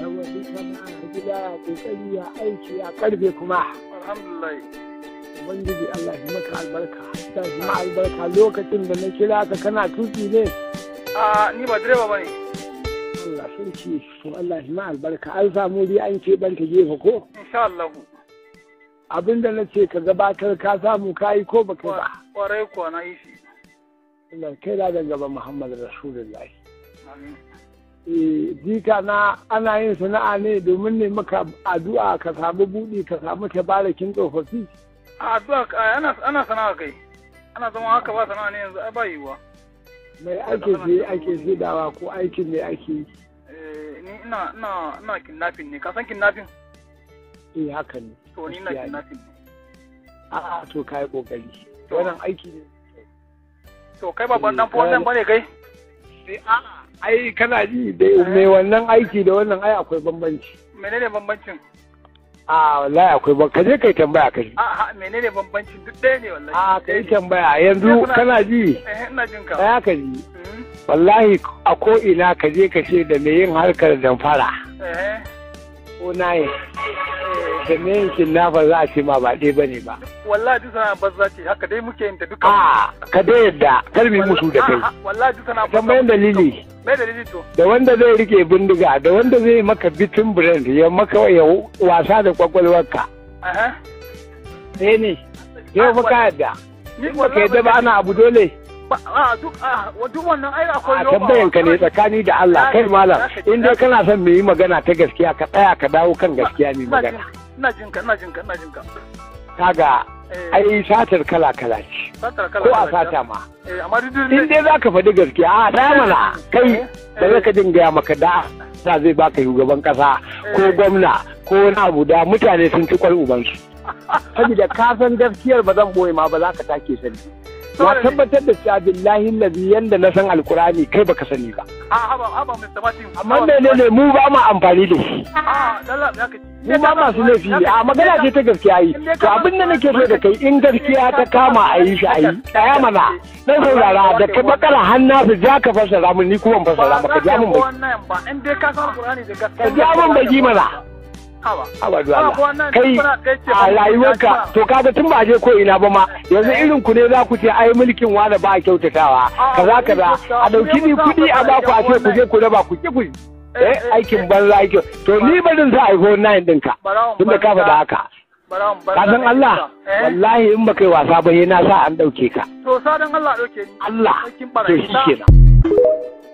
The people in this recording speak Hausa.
yawa duk gida ya kokari aiki kuma alhamdulillah ubangiji Allah ya maka albarka ta shi ma albarka lokacin da na kira ka kana tuki ne a ni ba direba Allah to Allah ma albarka an samu dai an ke banka gefe ko insha Allah abinda na ce ka gabatar ka samu kayi ko baka ba kwarai kuwa na yi shi Allah kai da gaba Muhammad Rasulullahi amin jika na ana yin sana'a ne domin ne maka addu'a ka samu buɗi ka samu tabarakin tsofaffi addu'a ana sana'a kai ana zama haka ba sana'a ne yanzu ba yiwuwa mai ake ce ake saidawa ko aikin ne ake yi eh, ni ina ina ina kidnapping ne ka san kidnapping eh haka ne to ni ina kidnapping ne a'a to kai kokari wannan aiki ne to kai ba babban dan wannan eh, bane kai eh a'a ai kana ji da mai wannan aiki da wannan ai akwai bambanci menene bambancin a wallahi akwai ba ka je kai tambaya ka ji a menene bambancin duk daya ne wallahi a kai tambaya yanzu kana ji eh, ina jin ka ya ka ji hmm? wallahi a ko ina ka je ka ce da mai yin harkar damfara eh ko naye da me yankin na ba za a ce ma ba ɗaya ba ne ba. Wallahi duk sana'a ba za ce haka dai muke yin ta duka. A ka dai yadda kar musu da kai. Wallahi duk sana'a ba za dalili. dalili to? Da wanda zai rike bindiga da wanda zai maka bitin brand ya maka ya wasa da kwakwalwarka. Sai eh ne. Yau fa ka yadda. Ni ba ka yadda ba ana abu dole. A tambayan ka ne tsakani da Allah kai malam in dai kana son mu yi magana ta gaskiya ka tsaya ka dawo kan gaskiya ne magana. Ina jin ka ina jin ka ina jin ka. Kaga eh. ai satar kala kala ce. Ko a sata ma. Eh, in dai za ka faɗi gaskiya a da mana eh. kai da za ka jin gaya maka da sa zai baka shugaban kasa ko gwamna ko wani abu da mutane sun ci kwal ubansu. Saboda ka san gaskiyar ba zan boye ma ba za ka take sani. na tabbatar da cewa billahi lazi yanda na san alkurani kai baka sani ba ah, amma menene mu ba mu amfani da shi ah, mu ba masu laifi ne a ah, magana ce ta gaskiya yi to abin da nake so da kai in gaskiya ta kama a yi shi a yi Ɗaya mana na saurara da ka bakara hanna su ja ka fassara ni kuma fassara maka ka ja mun baki mana haba duwala kai a rayuwarka to kaga tun ba je ko ina ba ma yanzu irin ku ne za ku ce ai mulkin wani ba a kyautatawa kaza kaza a dauki ni kuɗi a baku a ce ku je ku raba ku ki ku eh, eh, eh, eh aikin banza aikin to ni ba zan sa iPhone 9 ɗinka tunda ka faɗa haka ka san Allah wallahi in ba kai wasa ba yana sa an ɗauke ka to sa Allah ɗauke ni Allah to shi kenan